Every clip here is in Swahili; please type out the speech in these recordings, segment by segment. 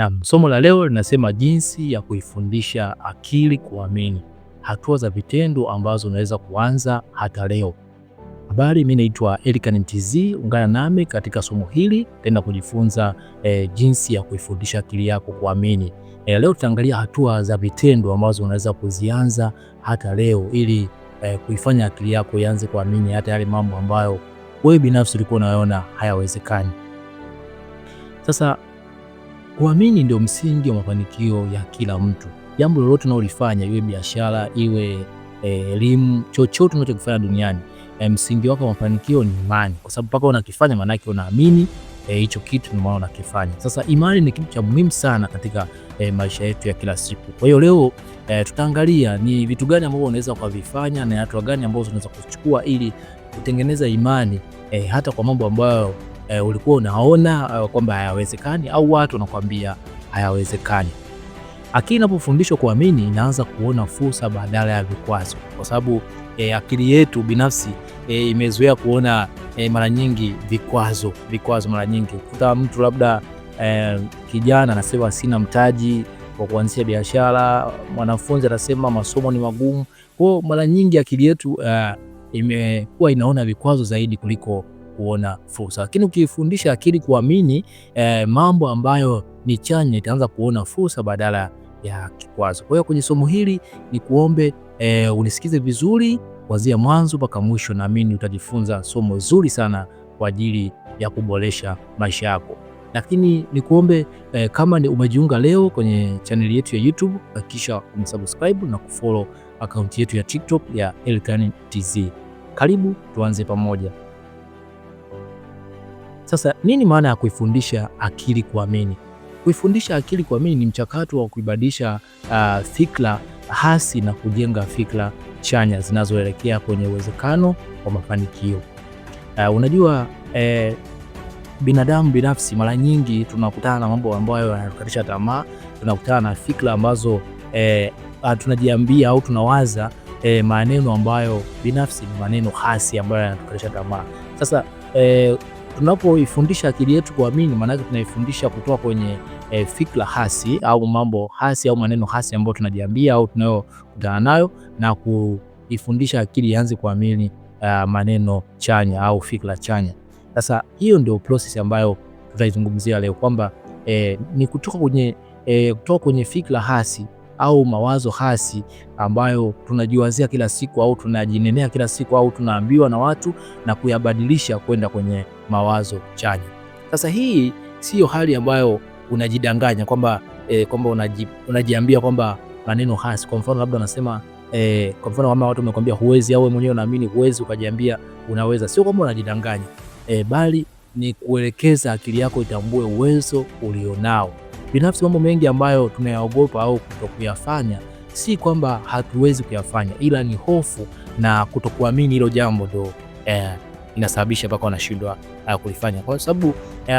Naam, somo la leo linasema jinsi ya kuifundisha akili kuamini, hatua za vitendo ambazo unaweza kuanza hata leo. Habari, mimi naitwa Elikhan Mtz. Ungana nami katika somo hili tena kujifunza eh, jinsi ya kuifundisha akili yako kuamini. Eh, leo tutaangalia hatua za vitendo ambazo unaweza kuzianza hata leo ili eh, kuifanya akili yako ianze kuamini hata yale mambo ambayo wewe binafsi ulikuwa unaona hayawezekani. Sasa Kuamini ndio msingi wa mafanikio ya kila mtu. Jambo lolote unaolifanya iwe biashara, iwe eh, elimu, chochote unachokifanya duniani, e, msingi wako wa mafanikio ni imani, kwa sababu mpaka unakifanya maanake unaamini eh, hicho e, kitu ndio maana unakifanya. Sasa imani ni kitu cha muhimu sana katika e, maisha yetu ya kila siku. Kwa hiyo leo e, tutaangalia ni vitu gani ambavyo unaweza ukavifanya na hatua gani ambazo unaweza kuchukua ili kutengeneza imani e, hata kwa mambo ambayo e, ulikuwa unaona eh, kwamba hayawezekani au watu wanakuambia hayawezekani. Akili inapofundishwa kuamini inaanza kuona fursa badala ya vikwazo, kwa sababu e, akili yetu binafsi e, imezoea kuona e, mara nyingi vikwazo. Vikwazo mara nyingi kuta mtu labda e, kijana anasema sina mtaji wa kuanzisha biashara, mwanafunzi anasema masomo ni magumu. Kwa mara nyingi akili yetu uh, imekuwa inaona vikwazo zaidi kuliko kuona fursa, lakini ukifundisha akili kuamini eh, mambo ambayo ni chanya, itaanza kuona fursa badala ya kikwazo. Kwa hiyo kwenye somo hili ni kuombe eh, unisikize vizuri kuanzia mwanzo mpaka mwisho, naamini utajifunza somo zuri sana kwa ajili ya kuboresha maisha yako. Lakini nikuombe eh, kama ni umejiunga leo kwenye chaneli yetu ya YouTube, hakikisha umesubscribe na kufollow akaunti yetu ya TikTok ya Elikhan Tz. Karibu tuanze pamoja. Sasa nini maana ya kuifundisha akili kuamini? Kuifundisha akili kuamini ni mchakato wa kuibadilisha uh, fikra hasi na kujenga fikra chanya zinazoelekea kwenye uwezekano wa mafanikio. Uh, unajua eh, binadamu binafsi mara nyingi tunakutana na mambo ambayo yanatukatisha tamaa, tunakutana na fikra ambazo eh, tunajiambia au tunawaza eh, maneno ambayo binafsi ni maneno hasi ambayo yanatukatisha tamaa. Sasa eh, tunapoifundisha akili yetu kuamini, maanake tunaifundisha kutoka kwenye e, fikra hasi au mambo hasi au maneno hasi ambayo tunajiambia au tunayokutana nayo na kuifundisha akili ianze kuamini uh, maneno chanya au fikra chanya. Sasa hiyo ndio process ambayo tutaizungumzia leo kwamba e, ni kutoka kwenye, e, kutoka kwenye fikra hasi au mawazo hasi ambayo tunajiwazia kila siku au tunajinenea kila siku au tunaambiwa na watu na kuyabadilisha kwenda kwenye mawazo chanya. Sasa hii siyo hali ambayo unajidanganya kwamba e, kwamba unaji, unajiambia kwamba maneno hasi. Kwa mfano labda unasema e, kwa mfano kama watu wamekwambia huwezi au wewe mwenyewe unaamini huwezi, ukajiambia unaweza. Sio kwamba unajidanganya e, bali ni kuelekeza akili yako itambue uwezo ulionao. Binafsi mambo mengi ambayo tunayaogopa au kutokuyafanya, si kwamba hatuwezi kuyafanya, ila ni hofu na kutokuamini hilo jambo ndo eh, inasababisha mpaka wanashindwa uh, kulifanya. Kwa sababu uh,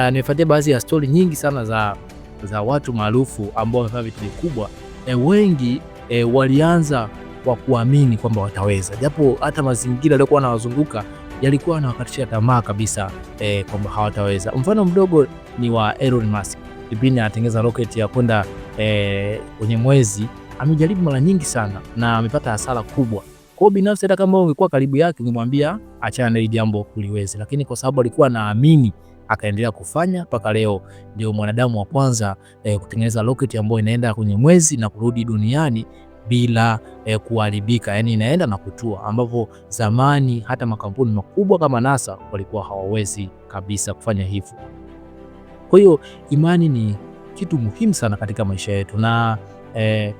nimefuatia baadhi ya stori nyingi sana za, za watu maarufu ambao wamefanya vitu vikubwa eh, wengi eh, walianza kwa kuamini kwamba wataweza, japo hata mazingira yaliokuwa anawazunguka yalikuwa anawakatisha tamaa kabisa eh, kwamba hawataweza. Mfano mdogo ni wa Elon Musk kipindi anatengeneza rocket ya kwenda eh, kwenye e, mwezi, amejaribu mara nyingi sana na amepata hasara kubwa. Kwa hiyo binafsi, hata kama ungekuwa karibu yake ungemwambia achana na hili jambo kuliwezi, lakini kwa sababu alikuwa anaamini akaendelea kufanya mpaka leo. Ndio mwanadamu wa kwanza e, kutengeneza rocket ambayo inaenda kwenye mwezi na kurudi duniani bila e, kuharibika, yani inaenda na kutua, ambapo zamani hata makampuni makubwa kama NASA walikuwa hawawezi kabisa kufanya hivyo. Kwa hiyo imani ni kitu muhimu sana katika maisha yetu, na eh,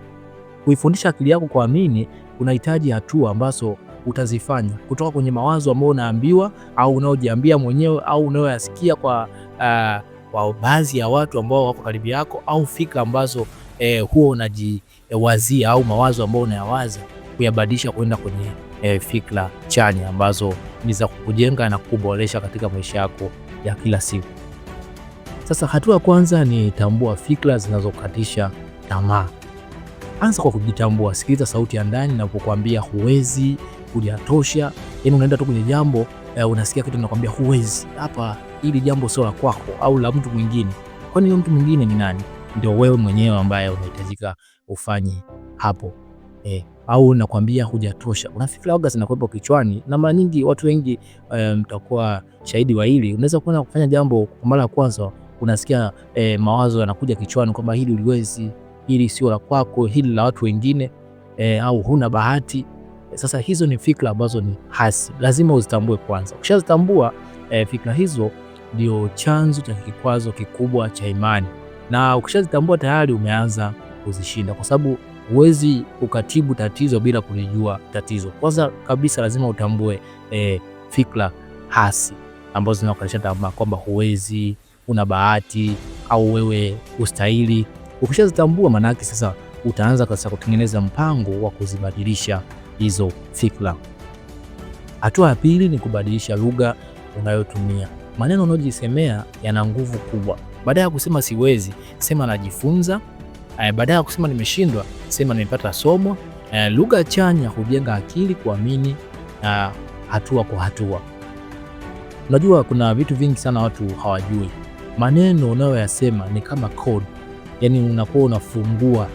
kuifundisha akili yako kuamini unahitaji hatua ambazo utazifanya kutoka kwenye mawazo ambayo unaambiwa au unaojiambia mwenyewe au unayoyasikia kwa uh, kwa baadhi ya watu ambao wako karibu yako au fikra ambazo eh, huo unajiwazia au mawazo ambayo unayawaza kuyabadilisha kwenda kwenye eh, fikra chanya ambazo ni za kukujenga na kuboresha katika maisha yako ya kila siku. Sasa hatua ya kwanza ni tambua fikra zinazokatisha tamaa. Anza kwa kujitambua, sikiliza sauti ya ndani inapokuambia huwezi, hujatosha. Yaani unaenda tu kwenye jambo uh, unasikia kitu kinakwambia huwezi hapa, ili jambo sio la kwako au la mtu mwingine. Kwani huyo mtu mwingine ni nani? Ndio wewe mwenyewe ambaye unahitajika ufanye hapo eh, au nakwambia hujatosha. Una fikra waga zinakuwepo kichwani, na mara nyingi watu wengi eh, mtakuwa um, shahidi wa hili. Unaweza kuona kufanya jambo kwa mara ya kwanza unasikia e, mawazo yanakuja kichwani kwamba hili uliwezi, hili sio la kwako, hili la watu wengine e, au huna bahati. Eh, sasa hizo ni fikra ambazo ni hasi, lazima uzitambue kwanza. Ukishazitambua e, fikra hizo ndio chanzo cha kikwazo kikubwa cha imani, na ukishazitambua tayari umeanza kuzishinda, kwa sababu huwezi ukatibu tatizo bila kulijua tatizo. Kwanza kabisa lazima utambue e, fikra hasi ambazo zinakukalisha tamaa kwamba huwezi, una bahati au wewe ustahili. Ukishazitambua maanake sasa utaanza sasa kutengeneza mpango wa kuzibadilisha hizo fikra. Hatua ya pili ni kubadilisha lugha unayotumia. Maneno unayojisemea yana nguvu kubwa. Baada ya kusema siwezi, sema najifunza. Eh, baada ya kusema nimeshindwa, sema nimepata somo. Eh, lugha chanya hujenga akili kuamini hatua kwa hatua. Unajua kuna vitu vingi sana watu hawajui maneno unayoyasema ni kama code, yani unakuwa unafungua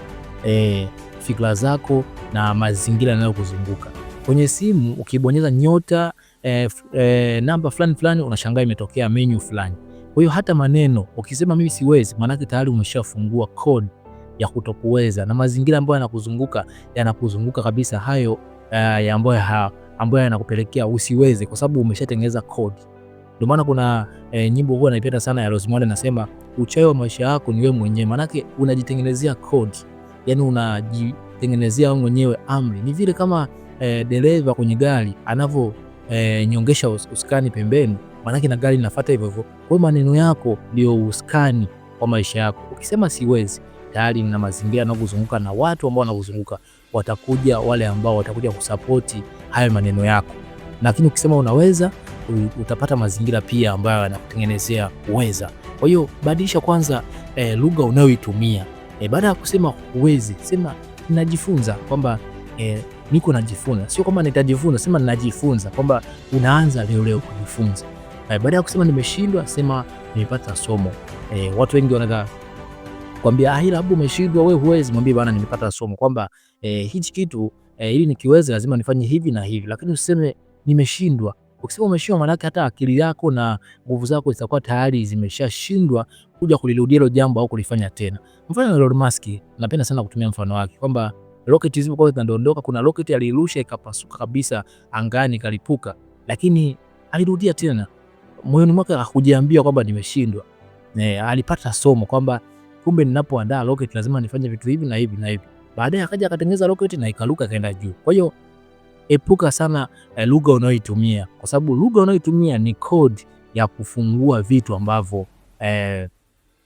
e, fikra zako na mazingira yanayokuzunguka. Kwenye simu ukibonyeza nyota e, e, namba fulani fulani, unashangaa imetokea menu fulani. Kwa hiyo hata maneno ukisema mimi siwezi, maanake tayari umeshafungua code ya kutokuweza na mazingira ambayo yanakuzunguka yanakuzunguka kabisa hayo, uh, ambayo yanakupelekea usiweze, kwa sababu umeshatengeneza code. Ndio maana kuna e, nyimbo huwa naipenda sana ya Rosemary anasema nasema, uchawi wa maisha yako ni wewe mwenyewe. Maana yake unajitengenezea code, yani unajitengenezea wewe mwenyewe amri. Ni vile kama e, dereva kwenye gari anavyo e, nyongesha us, usukani pembeni, maana yake na gari linafuata hivyo hivyo. Kwa hiyo maneno yako ndio usukani wa maisha yako. Ukisema siwezi tayari na mazingira yanayokuzunguka na watu ambao wanakuzunguka watakuja, wale ambao watakuja kusapoti hayo maneno yako, lakini ukisema unaweza utapata mazingira pia ambayo yanakutengenezea uweza. Kwa hiyo badilisha kwanza e, lugha unayoitumia e, baada ya kusema huwezi, sema najifunza kwamba e, niko najifunza, sio kwamba nitajifunza, sema najifunza, kwamba unaanza leo leo kujifunza. E, baada ya kusema nimeshindwa, sema nimepata somo. E, watu wengi wanataka kwambia ah, ila umeshindwa wewe, huwezi. Mwambie bwana, nimepata somo kwamba e, hichi kitu e, ili nikiweze lazima nifanye hivi na hivi, lakini useme nimeshindwa. Ukisema umeshinda, maana hata akili yako na nguvu zako zitakuwa tayari zimeshashindwa kuja kulirudia hilo jambo au kulifanya tena. Mfano Elon Musk, napenda sana kutumia mfano wake kwamba rocket zipo zilipokuwa zinadondoka, kuna rocket alirusha ikapasuka kabisa angani, kalipuka, lakini alirudia tena. Moyoni mwake hakujiambia kwamba nimeshindwa. Eh, Alipata somo kwamba kumbe ninapoandaa rocket lazima nifanye vitu hivi na hivi na hivi. Baadaye akaja akatengeneza rocket na ikaruka kaenda juu. Kwa hiyo epuka sana eh, lugha unayoitumia kwa sababu lugha unayoitumia ni code ya kufungua vitu ambavyo eh,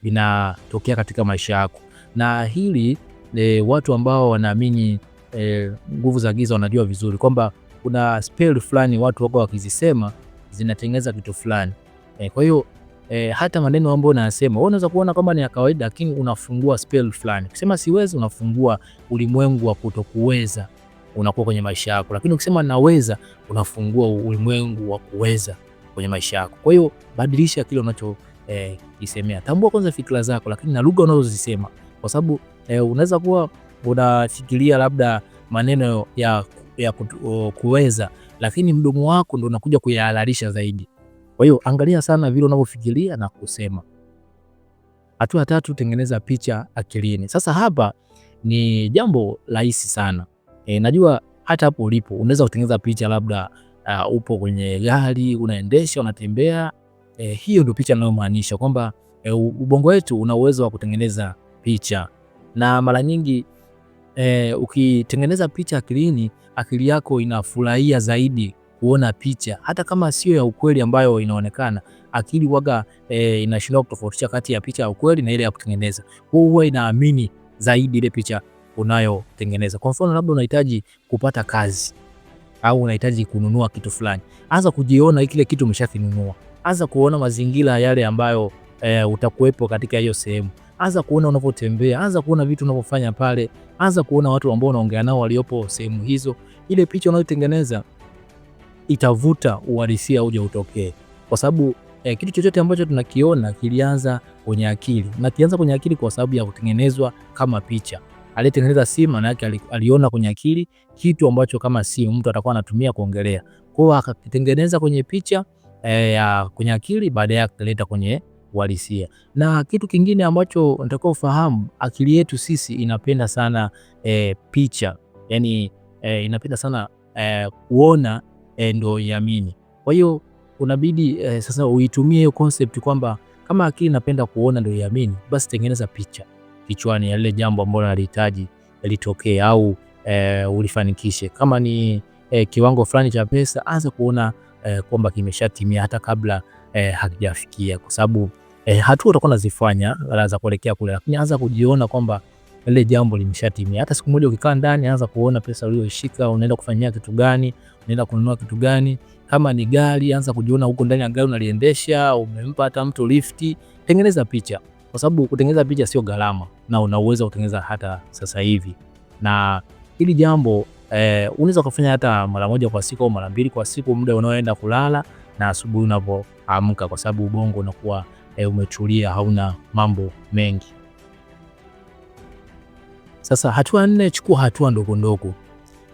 vinatokea katika maisha yako, na hili eh, watu ambao wanaamini eh, nguvu za giza wanajua vizuri kwamba kuna spell fulani watu wako wakizisema zinatengeneza kitu fulani eh, kwa hiyo eh, hata maneno ambayo unayasema wewe unaweza kuona kwamba ni ya kawaida, lakini unafungua spell fulani. Ukisema siwezi, unafungua ulimwengu wa kutokuweza unakuwa kwenye maisha yako, lakini ukisema naweza, unafungua ulimwengu wa kuweza kwenye maisha yako. Kwa hiyo badilisha kile unachokisemea, eh, tambua kwanza fikra zako, lakini na lugha unazozisema, kwa sababu eh, unaweza kuwa unafikiria labda maneno ya, ya kuweza, lakini mdomo wako ndo unakuja kuyahalalisha zaidi. Kwa hiyo angalia sana vile unavyofikiria na kusema. Hatua tatu, tengeneza picha akilini. Sasa hapa ni jambo rahisi sana. E, najua hata hapo ulipo unaweza kutengeneza picha labda, uh, upo kwenye gari unaendesha unatembea. E, hiyo ndio picha ninayomaanisha kwamba e, ubongo wetu una uwezo wa kutengeneza picha na mara nyingi e, ukitengeneza picha akilini, akili yako inafurahia zaidi kuona picha hata kama sio ya ukweli ambayo inaonekana. Akili waga e, inashindwa kutofautisha kati ya picha ya ukweli na ile ya kutengeneza, huwa inaamini zaidi ile picha unayotengeneza. Kwa mfano, labda unahitaji kupata kazi au unahitaji kununua kitu fulani, anza kujiona kile kitu umeshakinunua, anza kuona mazingira yale ambayo e, utakuwepo katika hiyo sehemu, anza kuona unavyotembea, anza kuona vitu unavyofanya pale, anza kuona watu ambao unaongea nao waliopo sehemu hizo. Ile picha unayotengeneza itavuta uhalisia uje utokee, kwa sababu e, kitu chochote ambacho tunakiona kilianza kwenye akili na kilianza kwenye akili kwa sababu ya kutengenezwa kama picha aliyetengeneza simu yake aliona kwenye akili kitu ambacho kama simu mtu atakuwa anatumia kuongelea. Kwa hiyo akakitengeneza kwenye picha eh, ya e, kwenye akili baadaye akaleta kwenye uhalisia. Na kitu kingine ambacho natakiwa ufahamu, akili yetu sisi inapenda sana e, picha Yaani e, inapenda sana e, kuona e, ndio iamini. Kwa hiyo unabidi e, sasa uitumie hiyo concept kwamba kama akili inapenda kuona ndio iamini, basi tengeneza picha kichwani ya lile jambo ambalo nalihitaji litokee au e, ulifanikishe. Kama ni e, kiwango fulani cha pesa, anza kuona e, kwamba kimeshatimia hata kabla e, hakijafikia, kwa sababu e, hatua utakuwa unazifanya za kuelekea kule, lakini anza kujiona kwamba lile jambo limeshatimia. Hata siku moja ukikaa ndani, anza kuona pesa uliyoshika unaenda kufanyia kitu gani, unaenda kununua kitu gani. Kama ni gari, anza kujiona huko ndani ya gari unaliendesha, umempa hata mtu lifti. Tengeneza picha kwa sababu kutengeneza picha sio gharama na unaweza kutengeneza hata sasa hivi, na hili jambo eh, unaweza kufanya hata mara moja kwa siku au mara mbili kwa siku, muda unaoenda kulala na asubuhi unapoamka, kwa sababu ubongo unakuwa eh, umetulia, hauna mambo mengi. Sasa hatua nne, chukua hatua ndogo ndogo.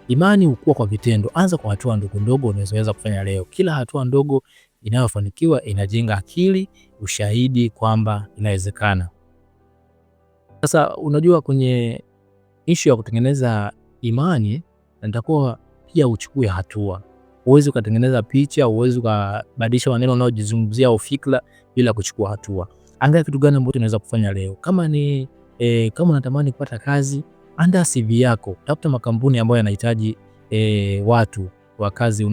Imani hukua kwa vitendo. Anza kwa hatua ndogo ndogo unazoweza kufanya leo. Kila hatua ndogo inayofanikiwa inajenga akili, ushahidi kwamba inawezekana. Sasa unajua, kwenye ishu ya kutengeneza imani natakuwa pia uchukue hatua. Huwezi ukatengeneza picha, uwezi ukabadilisha maneno unayojizungumzia au fikra bila kuchukua hatua. Angalia kitu gani ambacho unaweza kufanya leo. Kama ni e, kama unatamani kupata kazi, andaa CV yako, tafuta makampuni ambayo yanahitaji e, watu wa kazi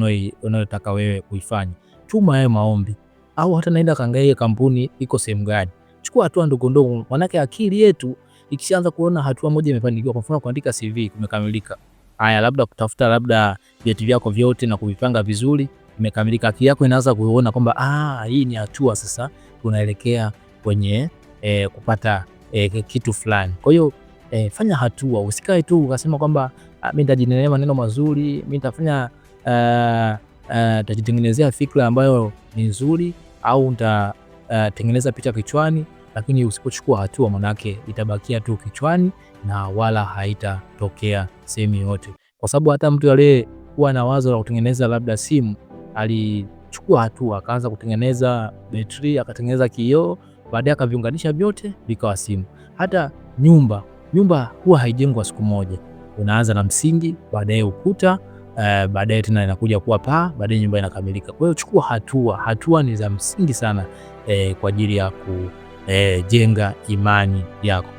unayotaka wewe kuifanya tuma hayo maombi, au hata naenda kaangalia kampuni iko sehemu gani. Chukua hatua ndogo ndogo, manake akili yetu ikishaanza kuona hatua moja imefanikiwa, kwa mfano kuandika CV kumekamilika, haya labda kutafuta labda vyeti vyako vyote na kuvipanga vizuri, imekamilika. Akili yako inaanza kuona kwamba ah, hii ni hatua sasa, tunaelekea kwenye eh, kupata eh, kitu fulani. Kwa hiyo eh, fanya hatua, usikae tu ukasema kwamba ah, mimi nitajineema maneno mazuri, mimi nitafanya uh, Eh, nitajitengenezea uh, fikra ambayo ni nzuri au nitatengeneza eh, uh, picha kichwani, lakini usipochukua hatua, manake itabakia tu kichwani na wala haitatokea sehemu yoyote, kwa sababu hata mtu aliyekuwa na wazo la kutengeneza labda simu alichukua hatua, akaanza kutengeneza betri, akatengeneza kioo, baadaye akaviunganisha vyote vikawa simu. Hata nyumba, nyumba huwa haijengwa siku moja, unaanza na msingi, baadaye ukuta Eh, baadaye tena inakuja kuwa paa, baadaye nyumba inakamilika. Kwa hiyo chukua hatua, hatua ni za msingi sana eh, kwa ajili ya kujenga eh, imani yako.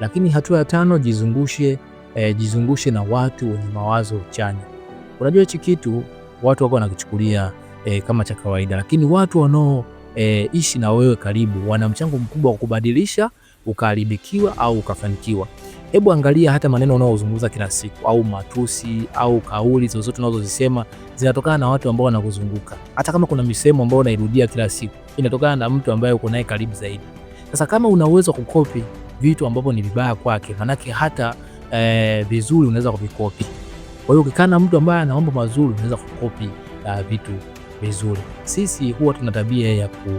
Lakini hatua ya tano, jizungushe eh, jizungushe na watu wenye mawazo chanya. Unajua hichi kitu watu wako wanakichukulia eh, kama cha kawaida, lakini watu wanaoishi eh, ishi na wewe karibu wana mchango mkubwa wa kubadilisha ukaharibikiwa au ukafanikiwa. Hebu angalia hata maneno unaozungumza kila siku, au matusi au kauli zozote unazozisema zinatokana na watu ambao wanakuzunguka. Hata kama kuna misemo ambayo unairudia kila siku, inatokana na mtu ambaye uko naye karibu zaidi. Sasa kama una uwezo wa kukopi vitu ambavyo ni vibaya kwake, manake hata eh, vizuri unaweza kuvikopi. Kwa hiyo ukikaa na mtu ambaye ana mambo mazuri, unaweza kukopi uh, vitu vizuri. Sisi huwa tuna tabia ya ku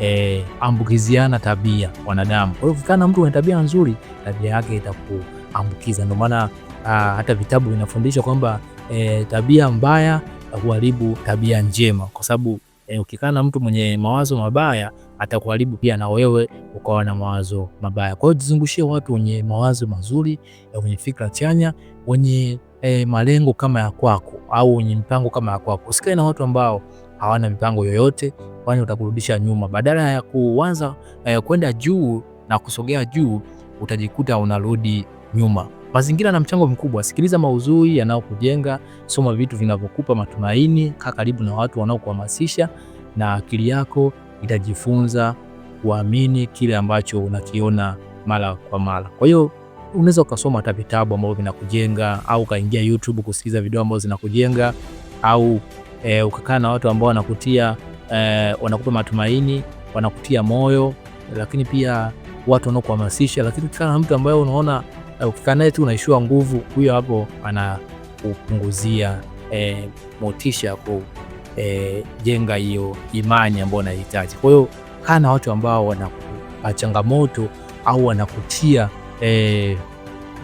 eh, ambukiziana tabia wanadamu. Kwa hiyo ukikaa na mtu mwenye tabia nzuri, tabia yake itakuambukiza. Ndio maana ah, hata vitabu vinafundisha kwamba eh, tabia mbaya huharibu tabia njema, kwa sababu eh, ukikaa na mtu mwenye mawazo mabaya atakuharibu pia na wewe ukawa na mawazo mabaya. Kwa hiyo jizungushie watu wenye mawazo mazuri, eh, wenye fikra chanya, wenye e, malengo kama ya kwako au wenye mpango kama ya kwako. Usikae na watu ambao hawana mipango yoyote, kwani utakurudisha nyuma. Badala ya kuanza eh, kwenda juu na kusogea juu, utajikuta unarudi nyuma. Mazingira na mchango mkubwa. Sikiliza mauzui yanayokujenga, soma vitu vinavyokupa matumaini, kaa karibu na watu wanaokuhamasisha, na akili yako itajifunza kuamini kile ambacho unakiona mara kwa mara. Kwa hiyo unaweza ukasoma hata vitabu ambavyo vinakujenga au ukaingia YouTube kusikiliza video ambazo zinakujenga au e, ukakaa na watu ambao wanakutia e, wanakupa matumaini, wanakutia moyo, lakini pia watu wanaokuhamasisha. Lakini ukikaa na mtu ambaye unaona eh, ukikaa naye tu unaishiwa nguvu, huyo hapo anakupunguzia e, motisha kujenga e, hiyo imani ambayo unahitaji. Kwa hiyo kaa na watu ambao wanakupa changamoto au wanakutia e,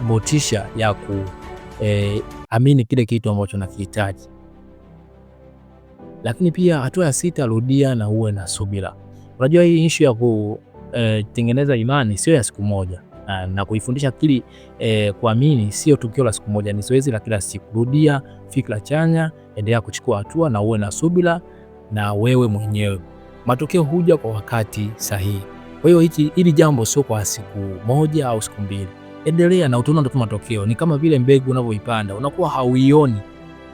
motisha ya kuamini e, kile kitu ambacho nakihitaji lakini pia hatua ya sita, rudia na uwe na subira. Unajua hii issue ya kutengeneza eh, e, imani sio ya siku moja na, na kuifundisha akili e, kuamini sio tukio la siku moja, ni zoezi la kila siku. Rudia fikra chanya, endelea kuchukua hatua na uwe na subira na wewe mwenyewe. Matokeo huja kwa wakati sahihi. Kwa hiyo hiki hili jambo sio kwa siku moja au siku mbili, endelea na utaona ndio matokeo. Ni kama vile mbegu unavyoipanda, unakuwa hauioni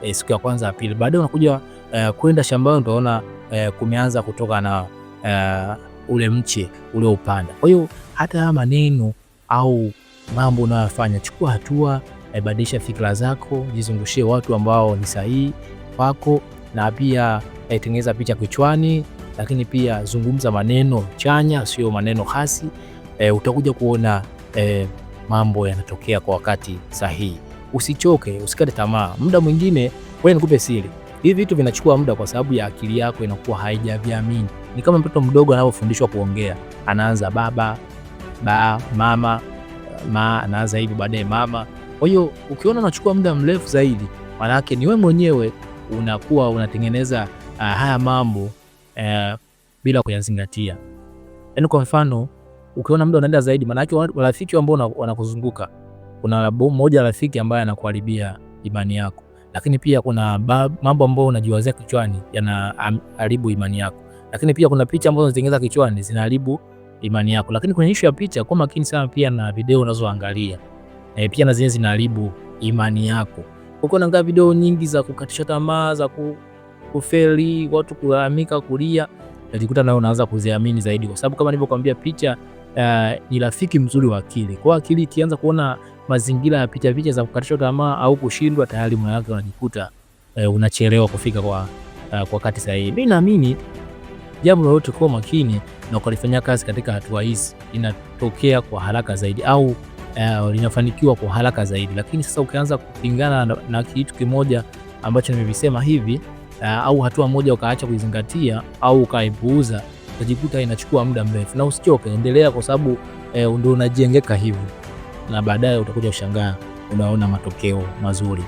e, siku ya kwanza ya pili, baadaye unakuja uh, kwenda shambani utaona uh, kumeanza kutoka na uh, ule mche ule upanda. Kwa hiyo hata haya maneno au mambo unayofanya, chukua hatua, uh, badilisha fikra zako, jizungushie watu ambao ni sahihi kwako, na pia uh, tengeneza picha kichwani, lakini pia zungumza maneno chanya, sio maneno hasi. Uh, utakuja kuona uh, mambo yanatokea kwa wakati sahihi. Usichoke, usikate tamaa. Muda mwingine wewe, nikupe siri Hivi vitu vinachukua muda kwa sababu ya akili yako inakuwa haijaviamini. Ni kama mtoto mdogo anapofundishwa kuongea, anaanza baba, ba, mama, ma, anaanza hivi baadaye mama. Kwa hiyo ukiona unachukua muda mrefu zaidi, manake ni wewe mwenyewe unakuwa unatengeneza uh, haya mambo uh, bila kuyazingatia. Yaani kwa mfano, ukiona muda unaenda zaidi, manake yake rafiki ambao wanakuzunguka, kuna mmoja rafiki ambaye anakuharibia imani yako lakini pia kuna mambo ambayo unajiwazia kichwani yanaharibu imani yako, lakini pia kuna picha ambazo zinatengeneza kichwani zinaharibu imani yako. Lakini kwenye issue ya picha, kwa makini sana pia na video unazoangalia e, pia na zenyewe zinaharibu imani yako. Uko naangalia video nyingi za kukatisha tamaa, za kufeli, watu kulalamika, kulia, unajikuta nawe unaanza kuziamini zaidi, kwa sababu kama nilivyokuambia picha uh, ni rafiki mzuri wa akili. Kwa akili ikianza kuona mazingira ya picha picha za kukatishwa tamaa au kushindwa, tayari moyo wake unajikuta uh, unachelewa kufika kwa uh, eh, kati sahihi. Mimi naamini jambo lolote kuwa makini na ukalifanyia kazi katika hatua hizi inatokea kwa haraka zaidi au uh, linafanikiwa kwa haraka zaidi. Lakini sasa ukianza kupingana na, na kitu kimoja ambacho nimevisema hivi uh, au hatua moja ukaacha kuizingatia au ukaipuuza utajikuta inachukua muda mrefu, na usichoke, endelea kwa sababu e, ndio unajengeka hivyo, na baadaye utakuja kushangaa, unaona matokeo mazuri.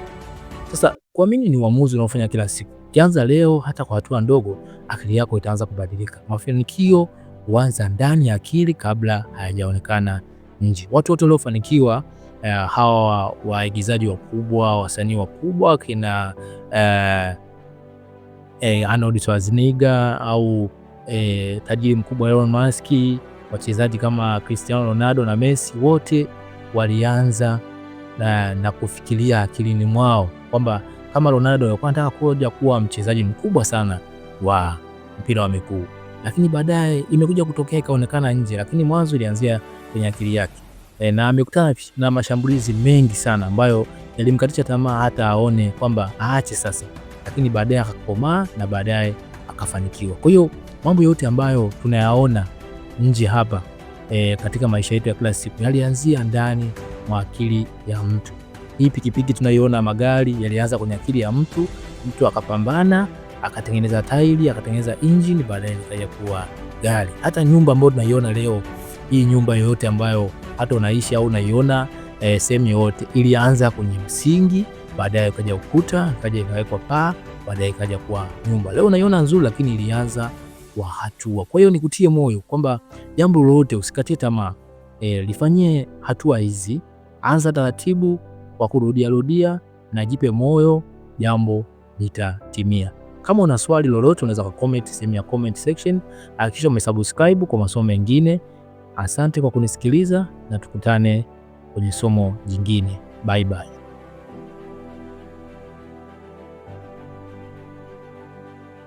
Sasa kwa mimi ni uamuzi unaofanya kila siku. Kianza leo, hata kwa hatua ndogo, akili yako itaanza kubadilika. Mafanikio huanza ndani ya akili kabla hayajaonekana nje. Watu wote waliofanikiwa eh, hawa waigizaji wakubwa, wasanii wakubwa, kina eh, eh, Arnold Schwarzenegger au e, tajiri mkubwa Elon Musk, wachezaji kama Cristiano Ronaldo na Messi wote walianza na, na kufikiria akilini mwao kwamba kama Ronaldo alikuwa anataka kuja kuwa mchezaji mkubwa sana wa mpira wa miguu, lakini baadaye imekuja kutokea ikaonekana nje, lakini mwanzo ilianzia kwenye akili yake e, na amekutana na mashambulizi mengi sana ambayo yalimkatisha tamaa hata aone kwamba aache sasa, lakini baadaye akakomaa na baadaye akafanikiwa. Kwa hiyo mambo yote ambayo tunayaona nje hapa e, katika maisha yetu ya kila siku yalianzia ndani mwa akili ya mtu. Hii pikipiki tunayoona, magari yalianza kwenye akili ya mtu, mtu akapambana, akatengeneza tairi, akatengeneza injini, baadaye ikaja kuwa gari. Hata nyumba ambayo tunaiona leo hii, nyumba yoyote ambayo hata unaishi au unaiona e, sehemu yoyote, ilianza kwenye msingi, baadaye ikaja ukuta, ikaja ikawekwa paa, baadaye ikaja kuwa nyumba. Leo unaiona nzuri, lakini ilianza kwa hatua. Kwa hiyo nikutie moyo kwamba jambo lolote usikatie tamaa, e, lifanyie hatua hizi. Anza taratibu kwa kurudia rudia na jipe moyo, jambo litatimia. Kama una swali lolote unaweza ku comment sehemu ya comment section. Hakikisha umesubscribe kwa masomo mengine. Asante kwa kunisikiliza na tukutane kwenye somo jingine. Bye bye.